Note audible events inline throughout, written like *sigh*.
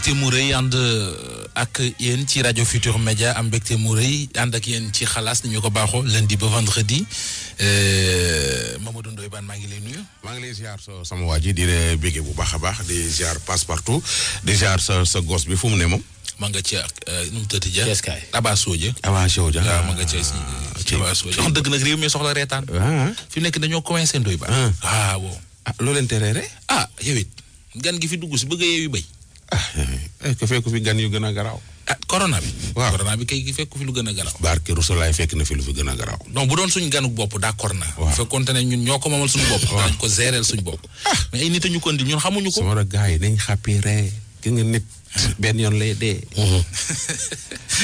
mbégte mu rëy ànd euh, ak yéen ci rajo Futur Média am mbégte mu rëy ànd ak yéen ci xalaas ni ñu ko baaxoo lundi ba vendredi euh, Mamadou Ndoye Bane maa ngi lay nuyu. maa ngi lay ziar sa sama waa ji di bu baax a baax di ziar passe partout di sa sa bi fu mu ne moom. ma nga ci ak euh, nu mu tëdd ja. Cees kaay Aba Soja. Aba Soja waaw ma nga ci Aba ah, Soja. wax dëgg nag réew mi soxla reetaan. Ah, ah. fi mu nekk dañoo commencé Ndoye Bane. waaw. ah loo leen ah yow it gan gi fi dugg si bëgg yeewi bay ah eh, eh, ko fekku fi gan yu gën a garaw ah corona bi. waaw corona bi kay fekku fi lu gën a garaaw. barke Rusulaay fekk na fi lu fi gën a garaaw. donc bu doon suñ ganuk bopp d'accord naa. waaw bu fekkoon ne ñun ko moomal suñu bopp. ko gérer suñu bopp. Ah. mais ay nit ñu ko indil ñun xamuñu ko. sama gars yi nañ xàppi ree ki nga nit. *laughs* benn yoon lay dee.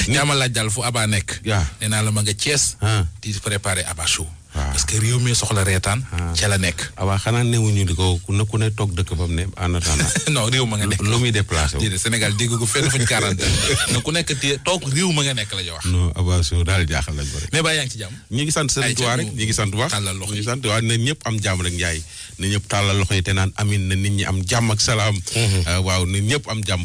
ñaama mhm. laaj daal fu Aba nekk. waa nee naa la ma nga Thiès. Ah. di préparer Aba show. parce que réew mi soxla reetaan. Ah. ca la nekk. a ah, waaw xanaa newuñu di ko ku ne ku ne toog dëkk ba mu ne en attendant. *laughs* non réew ma nga nekk lu muy déplacé wu. Sénégal dégg ko fenn fuñ quarante *laughs* ku nekk te toog réew ma nga nekk la wax. non Abassou daal jaaxal lañ ko rek. mais ba yaa ngi ci jàmm. ñi ngi sant Serigne Touba rek ñi ngi sant bu baax. ñu ngi sant waaw ne ñëpp am jàmm rek Ndiaye. na ñëpp tàllal loxo yi te naan amin na nit ñi am jàmm ak salaam. Mhm. Euh, waaw nit ñëpp am jàmm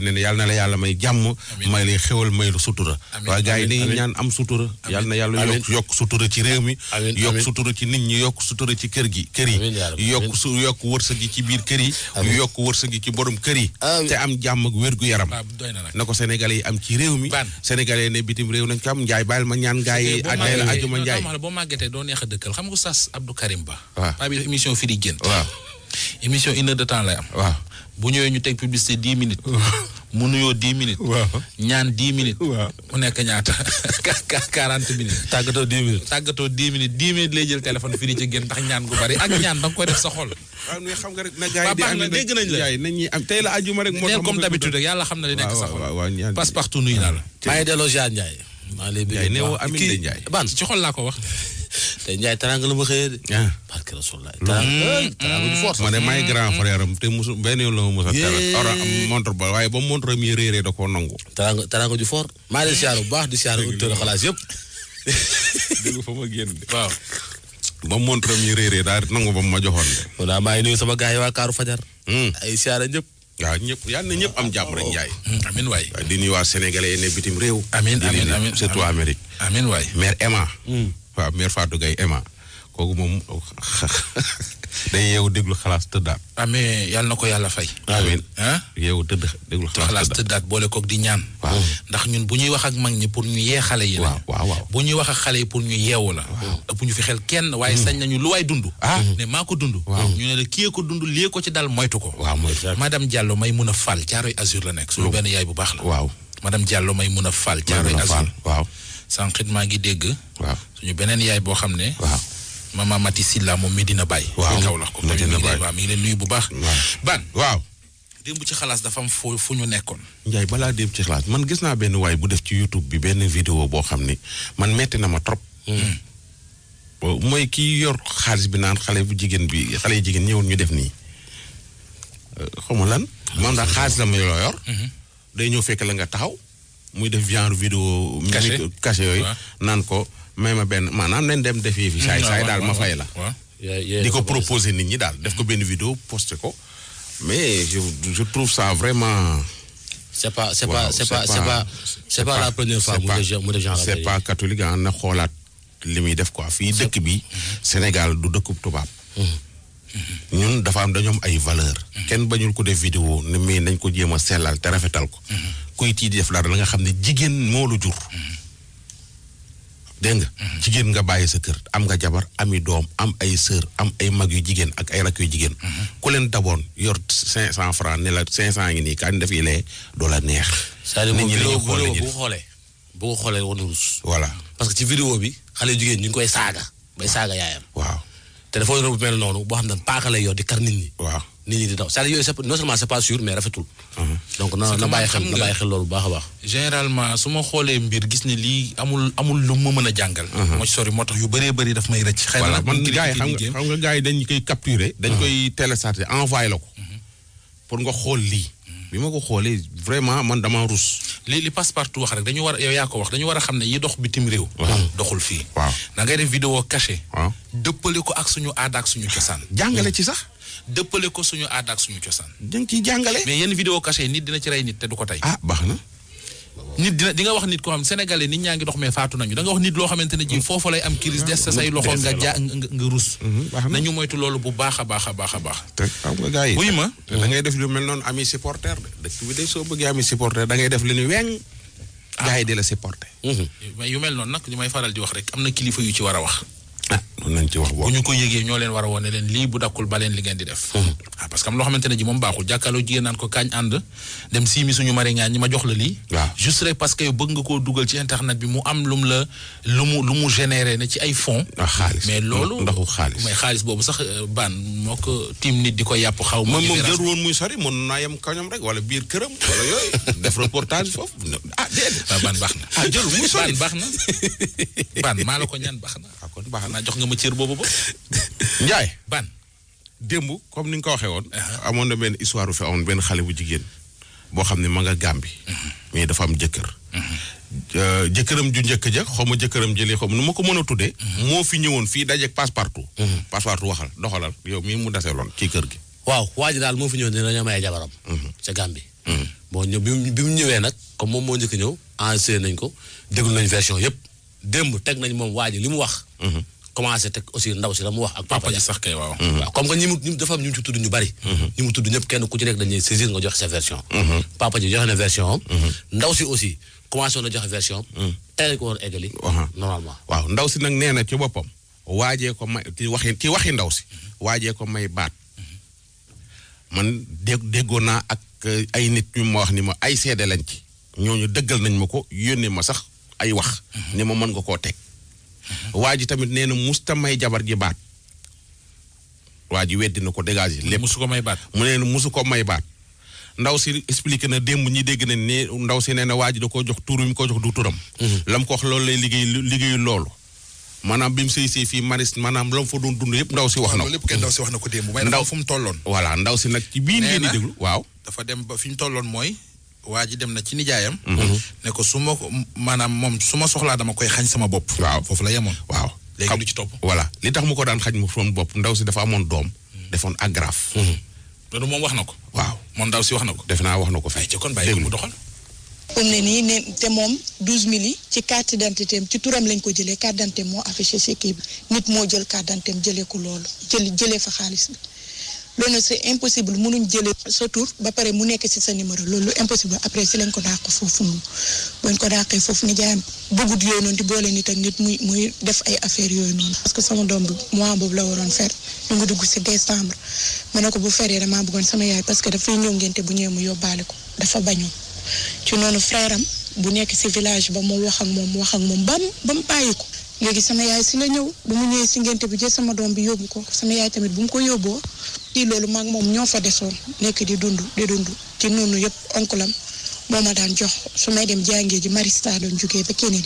na la yàlla may jàmm. may lay xewal may lu sutura. waaye gars yi dañuy ñaan am sutura. yal na yàlla yokk yokk sutura ci réew mi. yokk sutura ci nit ñi yokk sutura ci kër gi kër yi. yokk su yokk wërsëg yi ci biir kër yi. yokk wërsëg yi ci borom kër yi. te am jàmm ak wér gu yaram. Ah, na ko sénégalais yi am ci réew mi. sénégalais ne bitim réew nañ ko am njaay bàyyil ma ñaan gars yi. boo màggetee boo màggetee doo neex a xam nga sas Abdou Karim Ba. waaw di génn. waaw émission une heure de temps lay am. waaw bu ñëwee ñu teg publicité dix minutes. mu nuyoo dix minutes. ñaan dix minutes. mu nekk ñaata *laughs* quarante minutes. minutes. tàggatoo dix minutes dix minutes lay jël téléphone fii ci génn ndax ñaan gu bari ak ñaan da nga koy def sa xol. passe partout nuyu la. maa ngi maa ngi lay bëgg Ndiaye néew Amine Ndiaye. ci xol laa ko wax. *laughs* te Ndiaye teraanga la ma xëyee de. parce que rasulilah. teraanga du force. ma ne maay grand frère am te musu benn yoon la ma mos a teral. or montre ba waaye ba montre mi réeree da koo nangu. teraanga teraanga ju siyaar bu baax di siyaar auditeur xalaas yëpp. *laughs* dégg fa ma génn de. waaw. daal nangu ba ma joxoon de. voilà maa ngi nuyu sama gars yi waa Kaaru Fajar. Hmm. ay siyaara ñëpp. waaw ñëpp yal na ñëpp am jàmm rek Ndiaye. Hmm, amiin waay yi ne bitim réew. amiin amiin surtout Amérique. amiin waay mère Emma. Hmm. waaw mère Fatou Gueye Emma kooku moom *laughs* day yeewu déglu xalaas tëddaat. ah mais yàlla na ko yàlla fay. amiin ah. yeewu tëdd déglu xalaas tëddaat boole koog di ñaan. waaw ndax ñun bu ñuy wax ak mag ñi pour ñu yee xale yi. waaw waaw waaw bu ñuy wax ak xale yi pour ñu yeewu la. ëpp ñu fi xel kenn waaye hmm. sañ nañu lu waay dund. ah hmm. ne maa ko dund. Hmm. ñu ne la kii ko dund lii ko ci dal moytu ko. waaw moytu ko madame Diallo may mun a fal caaroy azur la nekk. suñu benn yaay bu baax la. waaw madame Diallo may mun fal. caaroy sànqit maa ngi dégg. waaw suñu beneen yaay boo xam ne. waaw mama Mati Silla moom Medina Baye. waaw Medina Baye waaw mi ngi leen nuyu bu baax. ban waaw. démb ci xalaas dafa am fu ñu nekkoon. njaay balaa démb ci xalaas man gis naa benn waay bu def ci YouTube bi benn vidéo boo xam ni man metti na ma trop. Hmm. mooy kii yor xaalis bi naan xale bu jigéen bi xale yu jigéen ñëwul ñu def nii. Euh, xaw ma lan. moom daal xaalis la ma yor. Hmm. day ñëw fekk la nga taxaw. muy def genre vidéo caché caché yooyu. naan ko may ma benn maanaam nañ dem def fi saay mm, saay daal ma fay la. di ko proposer nit ñi daal def ko benn vidéo posté ko mais je je trouve ça vraiment. c'est pas c'est pas c'est pas c'est pas c'est pas la première ah, na xoolaat li muy def quoi fii dëkk bi mm-hmm. Sénégal du dëkkub tubaab. Mm-hmm. ñun dafa am dañoom ay valeur kenn bañul ko def vidéo ne mais nañ ko jéem a sellal te rafetal ko. kuy tiit di def dara la nga xam ne jigéen moo lu jur. dégg nga. jigéen nga bàyyi sa kër am nga jabar am yi doom am ay sœur am ay mag yu jigéen ak ay rak yu jigéen. ku leen daboon yor cinq cent franc ne la cinq cent ngi nii kaan def yi lee doo la neex. nit ñi dañuy xool bu xoolee bu ko xoolee woon rus. parce que ci vidéo bi xale jigéen ñu ngi koy saaga bay saaga yaayam waaw. te dafa yoroon mel noonu boo xam ne paaka lay yor di kar nit ñi. waaw nit ñi di daw c'est-à-dire yooyu c'est non seulement c'est pas sûr mais rafetul. Uh-huh. donc na na bàyyi xel na bàyyi xel a baax. généralement su ma xoolee mbir gis ne lii amul amul lu ma mën a jàngal. Uh-huh. moo ci sori tax yu bëree bëri daf may rëcc. xëy na man gars yi xam nga xam nga gars yi dañ koy capturer. dañ uh-huh. koy télécharger envoyé la ko. pour nga xool lii. bi ma ko xoolee vraiment man damaa rus. li li passe partout wax rek dañu war yow yaa ko wax dañu war a xam ne yi dox bitim réew. doxul fii. waaw da ngay def vidéo cachée. waaw dëppale ko ak suñu aada ak suñu cosaan. Ah, jàngale ci sax. dëppale ko suñu aada ak suñu cosaan. dañ ciy jàngale. mais yenn vidéo cachée nit dina ci rey nit te du ko tey. ah baax na. nit dina di nga wax nit ko am sénégalais nit ñaa ngi dox mais faatu nañu da nga wax nit loo xamante ne ji mm-hmm. foofu lay am crise des sa say mm-hmm. loxo nga ja nga rus mm-hmm. nañu moytu loolu bu baax a baax a baax a baax te xam nga gars yi wuy ma da ngay def lu mel noonu ami supporter de dëkk bi day soo bëggee ami ngay def li ñu weñ ah. gars yi di la supporter yu mel noonu nag ñu may faral di wax rek am na kilifa yu ci war a wax ah noonu lañ ci wax bu ñu ko yëgee ñoo leen war a woon ne leen lii bu dakkul ba leen li ngeen di def. Hmm. ah parce que am loo xamante ko kaañ ànd dem siimi suñu jox la lii. waaw juste rek que yow bëgg nga koo dugal ci internet bi mu am la mu lu mu généré ne ci ay fonds. Ah, xaalis mais loolu ndaxu xaalis. mais xaalis boobu sax euh, baan moo ko tiim nit di ko yàpp xaw ma. moom jarul woon muy sori mën naa yem kañam rek wala biir këram wala yooyu def reportage foofu ah déedéet. waaw ah, baan baax na. ah jarul baax na baan maa la ko ñaan baax na ah, baax naa jox nga ma cër boobu ba. *laughs* Ndiaye. ban démb comme ni nga ko waxee woon. Uh-huh. amoon na benn histoire fi amoon benn xale bu jigéen. boo xam ne ma nga gàmbi. Uh-huh. mais dafa am jëkkër. Uh-huh. Euh, jëkkëram ju njëkk ja xaw ma jëkkëram jëlee xaw ma nu ma ko mën a tuddee. moo fi ñëwoon fii dajeeg passe partout. waxal doxalal yow mii mu daseeloon ci kër gi. waaw waa ji daal moo fi ñëwoon ne dañoo may jabaram. ca Gambie. bon ñoom bi mu bi mu ñëwee nag comme moom moo njëkk ñëw enregistré nañ ko déglu nañ version yëpp démb teg nañ moom waa li mu wax. Mhm. commencé teg aussi ndaw si la mu wax ak papa ji sax kay mhm. waaw comme que ñi mu ñi dafa am ñu ci tudd ñu bari mhm. ñi mu tudd ñëpp kenn ku ci nekk dañuy saisir nga joxe sa version papa ji joxe na version ndaw si aussi commencé woon na joxe version am ko waaw ndaw si nag nee na ci boppam waajee ko may ci waxi ci waxi ndaw si waajee ko may baat man dégg déggoo naa ak eh, ay nit ñu ma wax ni ma ay seede lañ ci ñooñu dëggal nañ ma ko yónnee ma sax ay wax ni ma mën nga koo teg waa ji tamit nee na musta may jabar ji baat waa ji weddi na ko dégagé lépp musu ko may baat mu nee na musu ko may baat ndaw si expliqué na démb ñi dégg na ne ndaw si nee na waa ji da ko jox tuuru mi ko jox du turam mhm. la ko wax loolu lay liggéey liggéeyu loolu maanaam bi mu sëy sëy fii maris maanaam la mu fa doon dund yëpp ndaw si wax na ko lépp kenn ndaw si wax na ko démb may ndaw fu mu tolloon voilà ndaw si nag ci bii ngeen di waaw dafa dem ba fi mu tolloon mooy waa ji dem na ci nijaayam. Mhm. Mhm. ne ko su ma maanaam moom su ma soxlaa dama koy xañ sama bopp. waaw foofu la yemoon. waaw léegi lu ci topp. voilà li tax mu ko daan xañ mu sama bopp ndaw si dafa amoon doom. Mhm. defoon agrafe. loolu moom wax na ko. waaw moom ndaw si wax na ko. def naa wax na ko fay ci kon bàyyi ko mu doxal. um ne nii ne te moom douze mille yi ci carte d'identité am ci turam lañ ko jëlee carte d'identité moo affiché si kii bi nit moo jël carte d'identité am jëlee ko loolu jël jëlee fa xaalis loolu nag c'est impossible mënuñ jëlee sa tur ba pare mu nekk ci sa numéro loolu impossible après si lañ ko dàq foofu noonu bañ ko dàqee foofu ni jaayam bëggut yooyu noonu di boole nit ak nit muy muy def ay affaires yooyu noonu. parce que sama doom bi boobu la waroon fer ñu dugg ci décembre ne ko bu feree damaa bëggoon sama yaay parce que dafay ñëw ngénte bu ñëwee mu yóbbaale ko dafa bañoon ci noonu frère am bu nekk ci village ba mu wax ak moom wax ak moom ba mu ba mu bàyyi ko. léegi sama yaay si la ñëw bu mu ñëwee si ngénte bi jël sama doom bi yóbbu ko sama yaay tamit bu mu ko yóbboo ci loolu maag moom ñoo fa desoon nekk di dund di dund ci noonu yëpp onkulam moo ma daan jox su may dem jàngee ji marista doon jugee ba keneen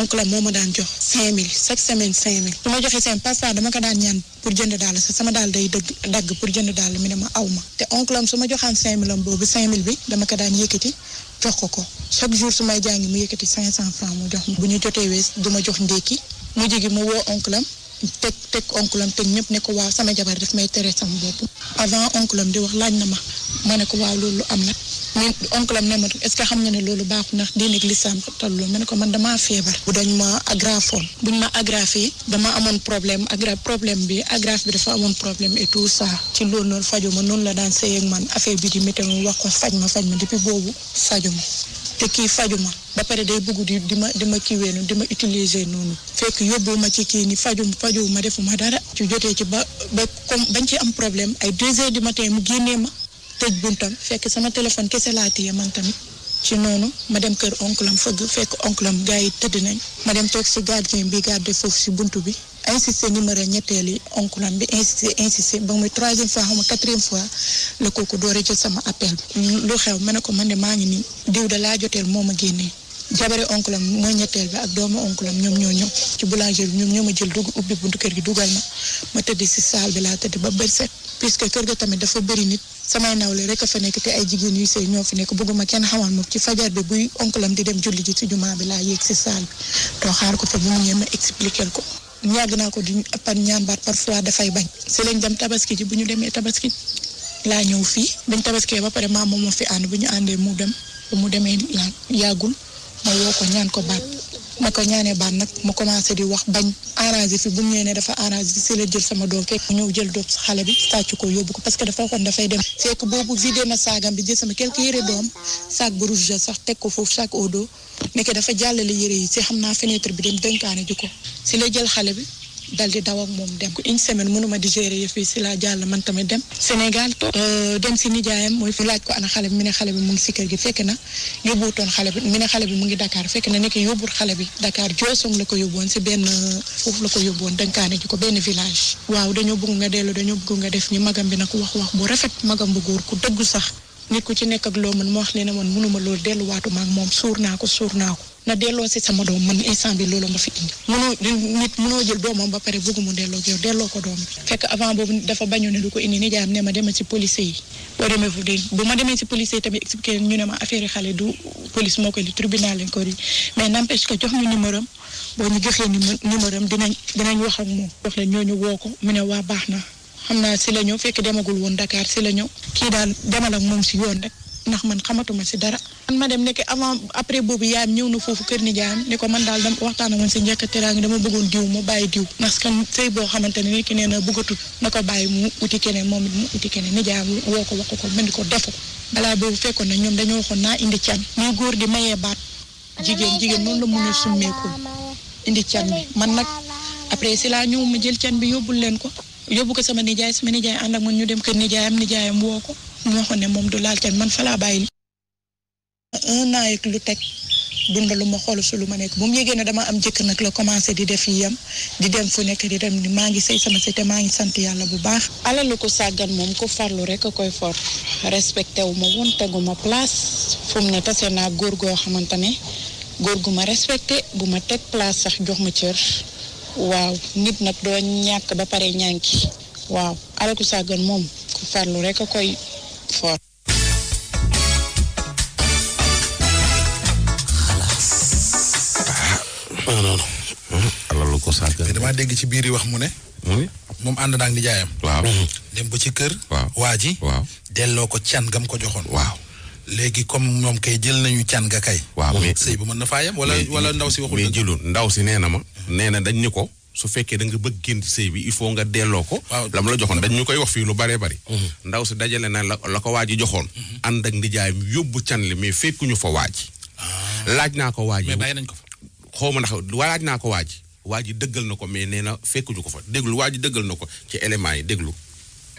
onkulam moo ma daan jox 5000 chaque semaine 5000. su ma joxee seen pasta dama ko daan ñaan pour jënd daal sa sama daal day dëgg dagg pour jënd daal mi ne ma aw ma te onkulam su ma joxaan 5000 am boobu mille bi dama ko daan yëkkati. jox ko ko chaque jour su may jàngi mu yëkkati 500 francs mu jox ma bu ñu jotee wees du ma jox ndékki mu jigi mu woo oncle am teg teg oncle am teg ñëpp ne ko waaw sama jabar daf may tere sama bopp avant oncle am di wax laaj na ma ma ne ko waaw loolu am na mi oncle am ma est-ce que xam nga ne loolu baaxul ndax diine ak lislaam ne ko man damaa feebar bu dañ ma agrafoon buñ ma agrafé dama amoon problème agra problème bi agrafe bi dafa amoon problème et tout ça ci loolu noonu faju ma noonu la daan sëy ak man affaire bi di météo wax ko faj ma faj ma depuis boobu faju ma te kii faju ma ba pare day bëgg di di ma di ma kiiwee noonu di utiliser noonu fekk yóbbu ma ci kii ni faju faju ma defu ma dara ci jotee ci ba ba comme bañ ci am problème ay deux heures du matin mu génnee ma tëj buntam fekk sama téléphone kese laa téye man tamit ci noonu ma dem kër oncle am fëgg fekk oncle am gars yi tëdd nañ ma dem toog si gardien bi garde foofu si bunt bi insisté numéro ñetteel yi oncle am bi insisté insisté ba muy troisième fois xaw ma quatrième fois la ko door a jël sama appel lu xew ma ne ko man de maa ngi nii diw da laa joteel moo ma génnee jabare oncle am mooy ñetteel bi ak doomu oncle am ñoom ñoo ñëw ci boulanger bi ñoom ñoo ma jël dugg ubbi buntu kër gi dugal ma ma tëdd bi laa tëdd ba bët set puisque kër ga tamit dafa bari nit samay nawle rek a fa nekk te ay jigéen yu sëy ñoo fi nekk bëgguma kenn xawaan moom ci fajar bi buy onkulam di dem julli ji ci jumaa bi laa yéeg si saal bi too xaar ko fa bu mu ñëw ma expliquer ko yàgg naa ko di par ñaan baat parfois dafay bañ si lañ dem tabaski ji bu ñu demee tabaski laa ñëw fii bañ tabaskee ba pare maam moom moo fi ànd bu ñu àndee mu dem bu mu demee la yàggul ma woo ko ñaan ko baat ma ko ñaanee baat nag mu commencé di wax bañ arrangé fi bu mu ñëwee ne dafa arrangé si la jël sama doom fekk ñëw jël doom xale bi sàcc ko yóbbu ko parce que dafa waxoon dafay dem fekk boobu vidé na saagam bi jël sama quelque yére doom saag bu rouge sax teg ko foofu sac au dos nekk dafa jàllale yére yi si xam naa fenêtre bi dem dënkaane ji ko si la jël xale bi dal di daw moom dem une semaine mënuma digérer yëf yi si laa jàll man tamit dem Sénégal toog euh, dem si nijaayam mooy fi laaj ko ana xale bi mu ne xale bi mu ngi si kër gi fekk na yóbbuwutoon xale bi mu ne xale bi mu ngi Dakar fekk na nekk yóbbul xale bi Dakar Diosone la ko yóbbuwoon si benn euh, foofu la ko yóbbuwoon dënkaane ji ko benn village waaw dañoo bëgg nga dellu dañoo bëgg nga def ni magam bi nag wax wax bu rafet magam bu góor ku dëggu sax nit ko ci nekk ak loo mën moo wax ne ne man mënuma loolu delluwaatuma ak moom suur naa ko suur naa na delloo si sama doom man instant bi loolu ma fi indi mënoo nit mënoo jël doomam ba pare bëgg mu delloo yow delloo ko doom bi fekk avant boobu dafa bañu ne du ko indi nijaayam ne ma demal ci police yi boo demee foofu de bu ma demee ci police yi tamit expliqué ñu ne ma affaire xale du police moo koy li tribunal lañ ko ri mais n'empêche que jox ñu numéro am boo ñu joxee numéro am dinañ dinañ wax ak moom jox leen ñooñu woo ko mu ne waa baax na xam naa si la ñëw fekk demagul woon Dakar si la ñëw kii daal demal ak moom si yoon rek ndax man xamatuma si dara man ma dem nekk avant après boobu yaayam ñëw na foofu kër nijaayam ne ko man daal dama waxtaan ak man si njëkk teraanga dama bëggoon diw mu bàyyi diw ndax kan sëy boo xamante ne ni ki nee na bëggatul na ko bàyyi mu uti keneen moom it mu uti keneen nijaayam woo ko ko mën ko defu ko balaa boobu fekkoon na ñoom dañoo waxoon naa indi can muy góor di mayee baat jigéen jigéen noonu la mun a summeeku indi can bi man nag après si laa ñëw ma jël can bi yóbbul leen ko yóbbu ko sama nijaay sama nijaay ànd ak man ñu dem kër nijaayam nijaayam woo moo ko ne moom du laal man fa bàyyi un an ak lu teg dundalu ma xool su lu ma nekk bu mu yégee ne dama am jëkk nag la commencé di def yam di dem fu nekk di dem ni maa ngi sëy sama sëy te maa ngi sant yàlla bu baax alalu ko sàggan moom ko farlu rek a koy for respecté wu ma woon teguma place fu mu ne tase naa góor goo xamante ne góor gu ma respecté gu ma teg place sax jox ma cër waaw nit nag doo ñàkk ba pare ñànki waaw alalu ko sàggan moom ku farlu rek a koy fort. Ah, alalu ko sàgg. damaa dégg ci biir yi wax mu ne. moom ànd naa ak nijaayam. waaw ba ci kër. waaw waa ji. waaw delloo ko can gam ko joxoon. waaw léegi comme moom kay jël nañu can ga kay. waaw mais sëy ba mën na faa yem wala wala ndaw si waxul. mais jëlul ndaw si nee na ma. nee na dañ ni ko. su fekkee da nga bëgg génn sëy bi il faut nga delloo ko. la mu la joxoon dañ ñu koy wax fii lu baree bari. Mhm. ndaw si dajale na la la ko waaj joxoon. Mhm. ànd ak ndijaayam yóbbu can li mais fekkuñu fa waaj. Ah. laaj naa ko waaj. mais bàyyi nañ ko fa. xaw ma ndax laaj naa ko waaj. waaj dëggal na ko mais nee na fekkuñu ko fa déglu waaj dëggal na ko ci éléments yi déglu.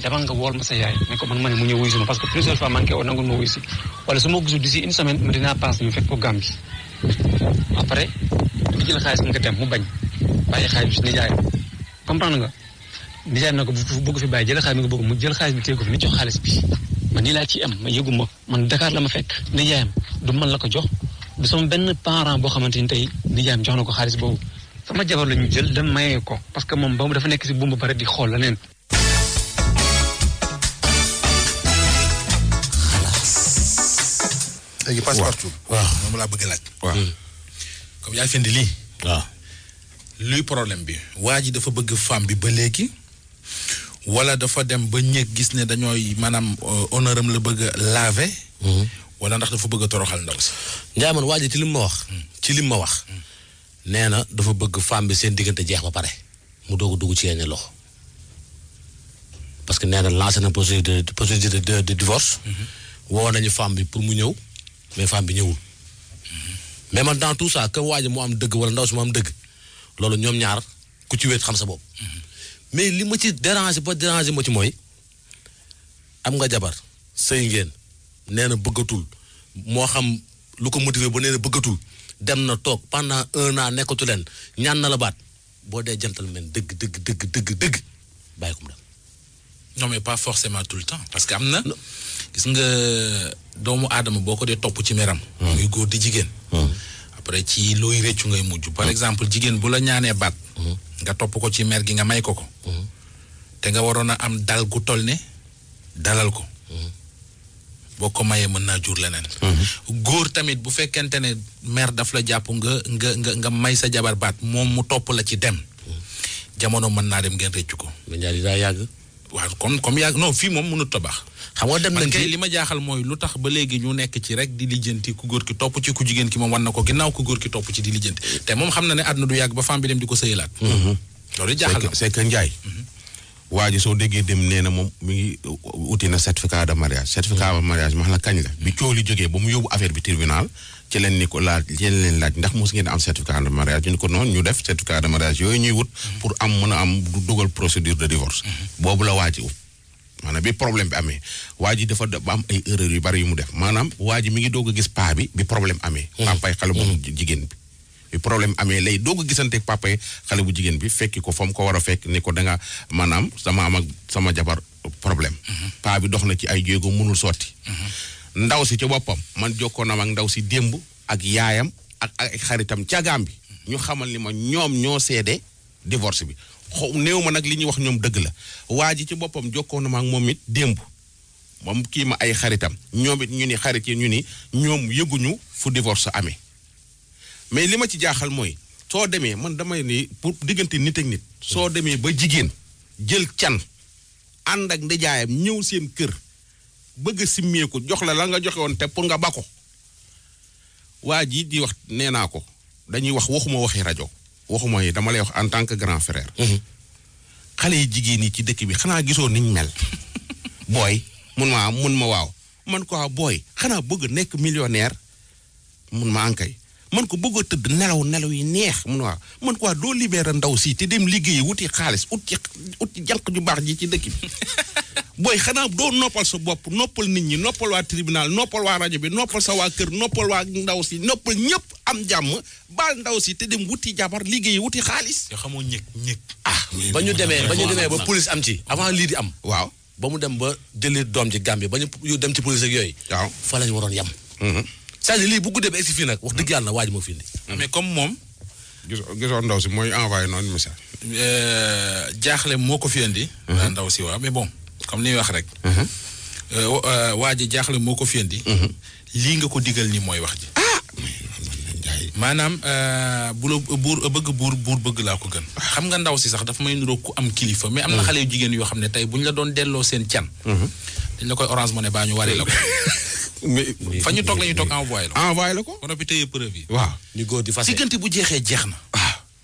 demal nga wool ma sa yaay ne ko man ma ne mu ñëw wuyu si ma parce que plusieurs fois manqué oo nangul ma wuyu si wala su ma gisul d'ici une semaine ma dinaa paas ñu fekk ko Gambie après di jël xaalis nga dem bi nijaay ko mu jël xaalis bi téye ni jox xaalis bi man nii laa ciy am ma yëgu ma man Dakar la ma fekk nijaayam du man la ko jox du sama benn parent boo xamante ni tey nijaayam jox na ko xaalis boobu sama jabar la ñu jël dem mayee ko parce que moom ba mu dafa nekk si buum ba pare di xool léegi passe-partout. waaw moom laa bëgg laaj. waaw hmm. comme yaa ngi fendi lii. waaw luy problème bi. waa ji dafa bëgg femme bi ba léegi. wala dafa dem ba ñeeg gis ne dañooy maanaam euh, honneur la bëgg a laver. Hmm. ndax dafa bëgg a toroxal ndaw si. Ndiaye man waa ji ci lim ma wax. Hmm. ci lim ma wax. nee na dafa bëgg femme bi seen diggante jeex ba pare. mu doog a dugg ci yenn loxo. parce que nee na lancé na procédure de de divorce. woo nañu femme bi pour mu ñëw. mais femme bi ñëwul. mais man dans tout ça que waa moo am dëgg wala ndaw si mu am dëgg loolu ñoom ñaar ku ci wéet xam sa bopp. mais li ma ci déranger ba déranger moo ci mooy am nga jabar sëy ngeen nee na bëggatul moo xam lu ko motiver ba nee na bëggatul dem na toog pendant un nekkatu leen ñaan na la boo dee gentleman dëgg dëgg dëgg dëgg dëgg bàyyi ko mu dem. non mais pas forcément tout le temps parce que am na. gis nga doomu aadama boo ko dee topp ci meram. Hmm. muy góor di jigéen. Hmm. après ci looy réccu ngay mujj. par hmm. exemple jigéen bu la ñaanee baat. nga topp ko ci mer gi nga may ko ko. te nga waroon a am dal gu toll ne dalal ko. boo ko mayee mën naa jur leneen. góor tamit bu fekkente ne mer daf la jàpp nga nga nga nga may sa jabar baat moom mu topp la ci dem. jamono mën naa dem ngeen réccu ko. mais ñaari daa yàgg. waaw comme comme yaa no fii moom mënut a baax. xam nga dem nañ ci li ma jaaxal mooy lu tax ba léegi ñu nekk ci rek di ku góor ki topp ci ku jigéen ki moom war na ko ginnaaw ku góor ki topp ci di te moom xam na ne àdduna du yàgg ba femme bi dem di ko sëyalaat. Mhm. loolu jaaxal na c'est mhm. waa ji soo déggee dem nee na moom mi ngi uti na certificat de mariage certificat de mariage max na kañ la bi coow li jógee ba mu yóbbu affaire bi tribunal. ci leen ni ko laaj ci leen laaj ndax mos ngeen am certificat de mariage ñu ni ko noonu ñu def certificat de mariage yooyu ñuy wut pour am mën a am du dugal procédure de divorce mhm. boobu la waa ji ut maanaam bi problème bi amee waa ji dafa ba am ay erreur yu bari yu mu def maanaam waa ji mi ngi doog a gis paa bi bi problème amee mhm. papay xale bu mhm. jigéen bi bi problème amee lay doo a gisante papay xale bu jigéen bi fekki ko fa mu ko war a fekk ni ko danga maanaam sama am sama jabar problème paa bi dox na ci ay jéego mënul sotti ndaw si ci boppam man jokkoo na ak ndaw si démb ak yaayam ak ak xaritam cagaam bi ñu xamal ni ma ñoom ñoo seede divorce bi xaw néew ma nag li ñuy wax ñoom dëgg la waa ji ci boppam jokkoo na ma ak moom it démb moom kii ma ay xaritam ñoom it ñu ni xarit yi ñu ni ñoom yëguñu fu divorce amee mais li ma ci jaaxal mooy soo demee man damay ni pour diggante nit ak nit soo demee ba jigéen jël can ànd ak ndijaayam ñëw seen kër bëgg simmeeku jox la la nga joxe woon te pour nga ba ko waa jii di wax nee naa ko dañuy wax waxuma waxi rajo waxuma yi dama lay wax en tant que grand frère. Mhm. xale yi jigéen ñi ci dëkk bi xanaa gisoo niñ mel. *laughs* booy mun ma am mun ma waaw man ko ah, booy xanaa bëgg nekk millionnaire mun ma ankay man ko bëgg tëdd nelaw nelaw yi neex mun waaw man ko ah, doo libéré ndaw si te dem liggéeyi wuti xaalis ut janq ut ju baax ji ci dëkk bi. *laughs* booy xanaa doo noppal sa bopp noppal nit ñi noppal waa tribunal noppal waa rajo bi noppal sa waa kër noppal waa ndaw si noppal ñëpp am jàmm baal ndaw si te dem wuti jabar liggéey wuti xaalis. yoo xamoo ñëg ñëg ah, ba ñu demee ba ñu demee ba police am ci avant lii di am. waaw ba mu dem ba jëlee doom ci Gambie ba ñu dem ci police ak yooyu. waaw fa la ñu waroon yem. Mhm. cest à lii bu guddee ba egsi fii nag wax dëgg yàlla waaj moo fi indi. Ah, comme moom. gisoo ndaw si mooy envoyé noonu message. Euh, jaaxle moo ko fi indi. Mhm. ndaw si waaw mais bon. comme ni wax rek. Mhm. Euh, euh, waa ji jaaxle moo ko fiyandi. Mhm. lii nga ko digal ni mooy wax ji. Ah! maanaam euh, bu la buur bëgg buur buur bëgg laa ko gën. xam nga ndaw si sax dafa may niroog ku am kilifa. mais am na mhm. xale yu jigéen yoo xam ne tey bu ñu la doon delloo seen can. dañ la koy orange ne baa ñu waree la ko. *laughs* fa ñu toog la ñu toog envoyé la ko. envoyé la ko. kon noppi téye preuve yi. waaw ñu góor di fas diggante bu jeexee jeex na.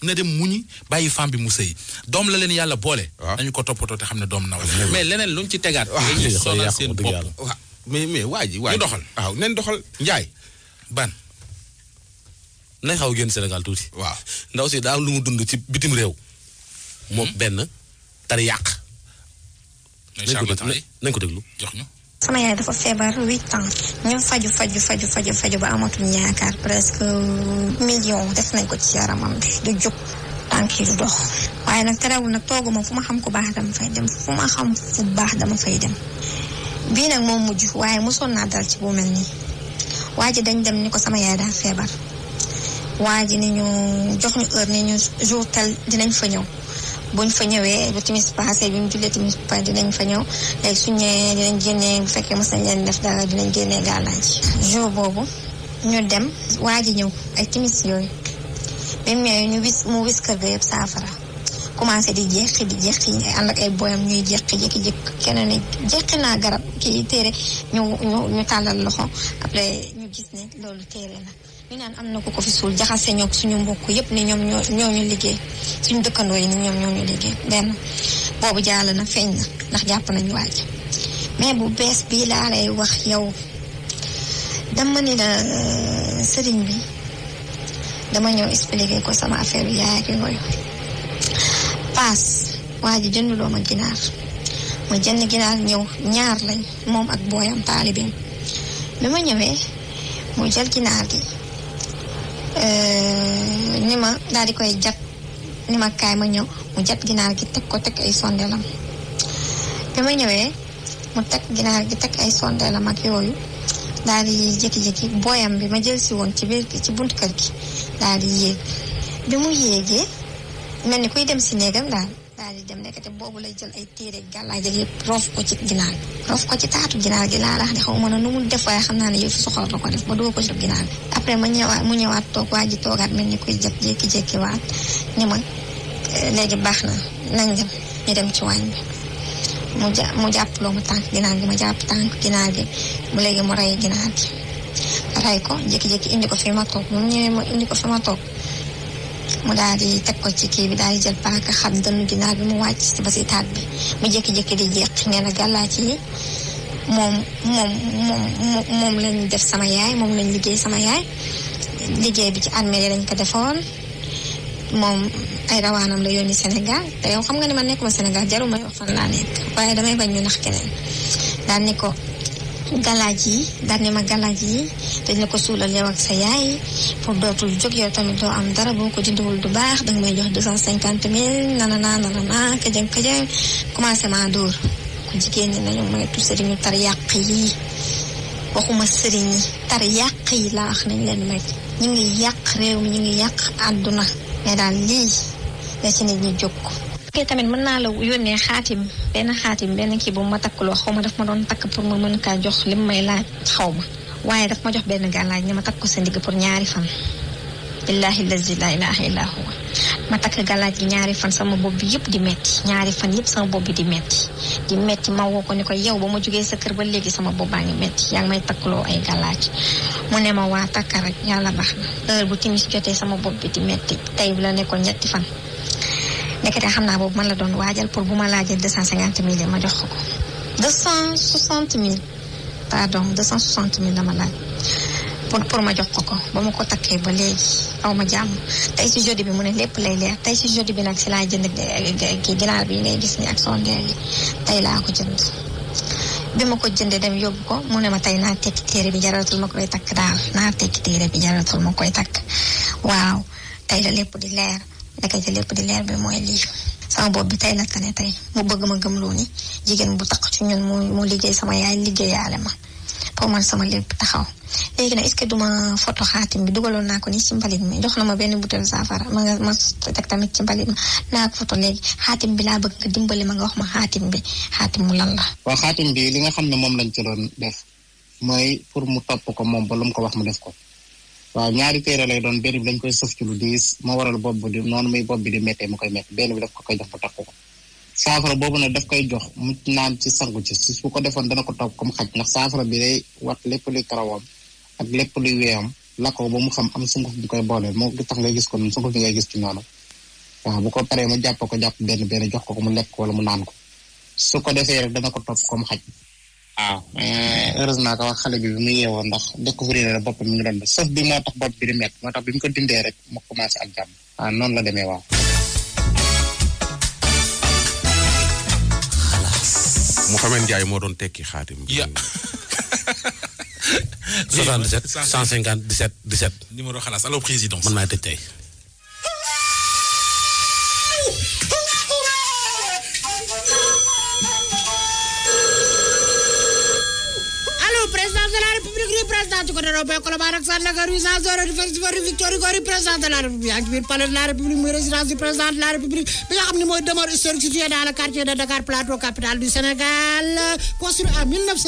na dem muñi bàyyi femme bi mu sëy doom la leen yàlla boole. Ah. nañu ko toppatoo te xam ne doom na wala mais leneen luñ ci tegaat. Ah, dañuy sonal seen bopp waaw ah, mais mais waa ji. ñu doxal waaw nen doxal njaay ban. nay xaw génn senegal tuuti. waaw ndaw si daal lu mu dund ci bitim réew. moom hmm? benn tar yàq. nañ ko déglu jox ñu. sama yaay dafa feebar huit ans ñu faju faju faju faju faju ba amatuñ yaakaar presque million def nañ ko ci yaramam bi du jóg tànk yi du dox waaye nag terewul nag tooguma fu ma xam ku baax dama fay dem fu ma xam fu baax dama fay dem bii nag moom mujj waaye mosoon naa dal ci bu mel nii waa ji dañ dem ni ko sama yaay daa feebar waa ji ni ñu jox ñu heure ni ñu jour tel dinañ fa ñëw buñ fa ñëwee bu timis passé bi mu jullee timis passé dinañ fa ñëw léegi suñ ñëwee dinañ génnee bu fekkee mos nañ leen def dara dinañ génnee gàllaaj jour boobu ñu dem waa ji ñëw ay timis yooyu même ñooyu ñu wis mu wis kër ga yëpp saafara commencé di jeqi di jeqi ñu ànd ak ay booyam ñuy jeqi jékki jëkk keneen ne jeqi naa garab kii téere ñu ñu ñu tàllal loxo après ñu gis ni loolu téere la ñu naan am na ko ko fi suul jaxase ñoog suñu mbokk yépp ne ñoom ñoo ñu liggéey suñu dëkkandoo yi ni ñoom ñooñu liggéey benn boobu jàll na feeñ na ndax jàpp nañu waaj mais bu bees bii laa lay wax yow dama ni la euh, sëriñ bi dama ñëw expliquer ko sama affaire bi yaay ak yooyu paas waa ji jënduloo ma ginaar ma jënd ginaar ñëw ñaar lañ moom ak booyam taalibeem bi ma ñëwee mu jël ginaar gi ni ma daal koy jat ni ma kaay ma ñëw mu jat ginaar gi teg ko teg ay sondelam bi ma ñëwee mu teg ginaar gi teg ay sondelam ak yooyu daal di jékki booyam bi ma jël si ci biir ci buntu kër gi daal di yéeg bi mu yéegee mel ni kuy dem si néegam daal daal di dem boobu lay jël ay téere gàllaay jël yëpp roof ko ci ginaar roof ko ci taatu ginaar gi laa rax de xaw ma ne nu mu def waaye xam naa ne yëfu soxal la ko def ba doo ko ci ginaar bi après ma ñëwaat mu ñëwaat toog waa ji toogaat mel ni kuy jëkk jékki-jékki ma eh, léegi baax na nañ dem ñu dem ci waañ bi mu mu jàpp loo mu tànk ginaar gi ma jàpp gi mu léegi mu rey ginaar gi rey ko jékki-jékki indi ko fi ma toog mu ñëwee ma indi ko fi ma toog mu daal di teg ko ci kii bi daal di jël paaka xam dënnu ginaar bi mu wàcc ba si taat bi mu jékki-jékki di jeex nee na gàllaaj yi moom moom moom moom lañ def sama yaay moom lañ liggéey sama yaay liggéey bi ci armée yi lañ ko defoon moom ay rawaanam la yónni senegal te yow xam nga ne man nekkuma Sénégal jarul may wax fan laa nekk waaye damay bañ ñu ndax keneen daan ni ko galaaj yi daan ne ma galaaj yi dañ la ko suulal yow ak sa yaay pour dootul jóg yow tamit doo am dara boo ko jëndiwul du baax danga may jox deux cent cinquante mille nana naa nana naa këjëm këjëm commencé maa dóor ku jigéen ñi nañu moytu sëriñu tar yàq yi waxuma sëriñ tar yàq yi laa wax nañ leen may ñu ngi yàq réew mi ñu ngi yàq àdduna mais daal lii la ci nit ñi jóg fekkee tamit mën naa la yónnee xaatim benn xaatim benn kii bu ma takkuloo xaw ma daf ma doon takk pour ma mën kaa jox lim may laaj xaw ma waaye daf ma jox benn gàllaaj ne ma takk ko sa ndigg pour ñaari fan billaahi lazi laa ilaaha illaa ma takk gallaaj gi ñaari fan sama bopp bi yëpp di metti ñaari fan yëpp sama bopp bi di metti di metti ma woo ko ni ko yow ba ma jógee sa kër ba léegi sama bopp baa ngi metti yaa ngi may takkuloo ay gàllaaj mu ne ma waa takka rek yàlla baax na heure bu timis jotee sama bopp bi di metti tey la nekkoon ñetti fan nekkete xam naa boobu man la doon waajal pour bu ma laajee deux cent cinquante mille ma jox ko deux cent soixante mille pardon deux cent soixante mille la ma laaj pour pour ma jox ko ko ba ma ko takkee ba léegi aw ma jàmm tey si jeudi bi mu ne lépp lay leer tey si jeudi bi nag si laa jënd kii ginaar bi ngay gis ni ak sondeer yi tey laa ko jënd bi ma ko jëndee dem yóbbu ko mu ne ma tey naa tekki téere bi jaratul ma koy takk daal naa tekki téere bi jaratul ma koy takk waaw tey la lépp di leer naka ca lépp di leer bi mooy lii sama bopp bi tey naka ne tey mu bëgg ma gëmloo ni jigéen bu taq ci ñun mu mu liggéey sama yaay liggéeyaale ma pour man sama lépp taxaw léegi nag est-ce duma foto xaatim bi dugaloon naa ko ni ci mbalit mi jox na ma benn butéel saafara ma ma teg tamit ci mbalit ma naa ko foto léegi xaatim bi laa bëgg nga dimbali ma nga wax ma xaatim bi xaatim mu lan la. waaw xaatim bi li nga xam ne moom lañ ci doon def mooy pour mu topp ko moom ba ko wax mu def ko. waaw ñaari téere lay doon benn bi dañ koy sëf ci lu diis moo waral bopp bi di noonu muy bopp bi di méttee mu koy métti benn bu takku ko boobu nag daf koy jox mu naan ci sangu ci su ko defoon dana ko toog comme xaj ndax saafara bi day wat lépp luy karawam ak lépp luy weeyam lakkoo ba mu xam am sunguf bi koy boole moo tax ngay gis ko noonu sunguf bi ngay gis ci noonu waaw bu ko paree mu jàpp ko jàpp benn benn jox ko ko mu lekk wala mu naan ko su ko defee rek dana ko topp kom xaj waaw heureusement que wax xale bi bi mu yeewoo ndax découvrir la boppam mi ngi doon sëf bi moo tax bi mu ko dindee rek mu commencé a jàmm ah noonu la demee waaw. Mouhamed Ndiaye moo doon tekki xaatim. 77 157 17. numéro xalaas allo présidence. mën naa tëj tey. Rabat ak Sandaga rue Sans Zoro di festival Victoire président de la République ak biir palais de la République muy résidence du président de la République bi nga xam ne mooy demeure historique située dans le quartier de Dakar Plateau capitale du Sénégal construit en 1900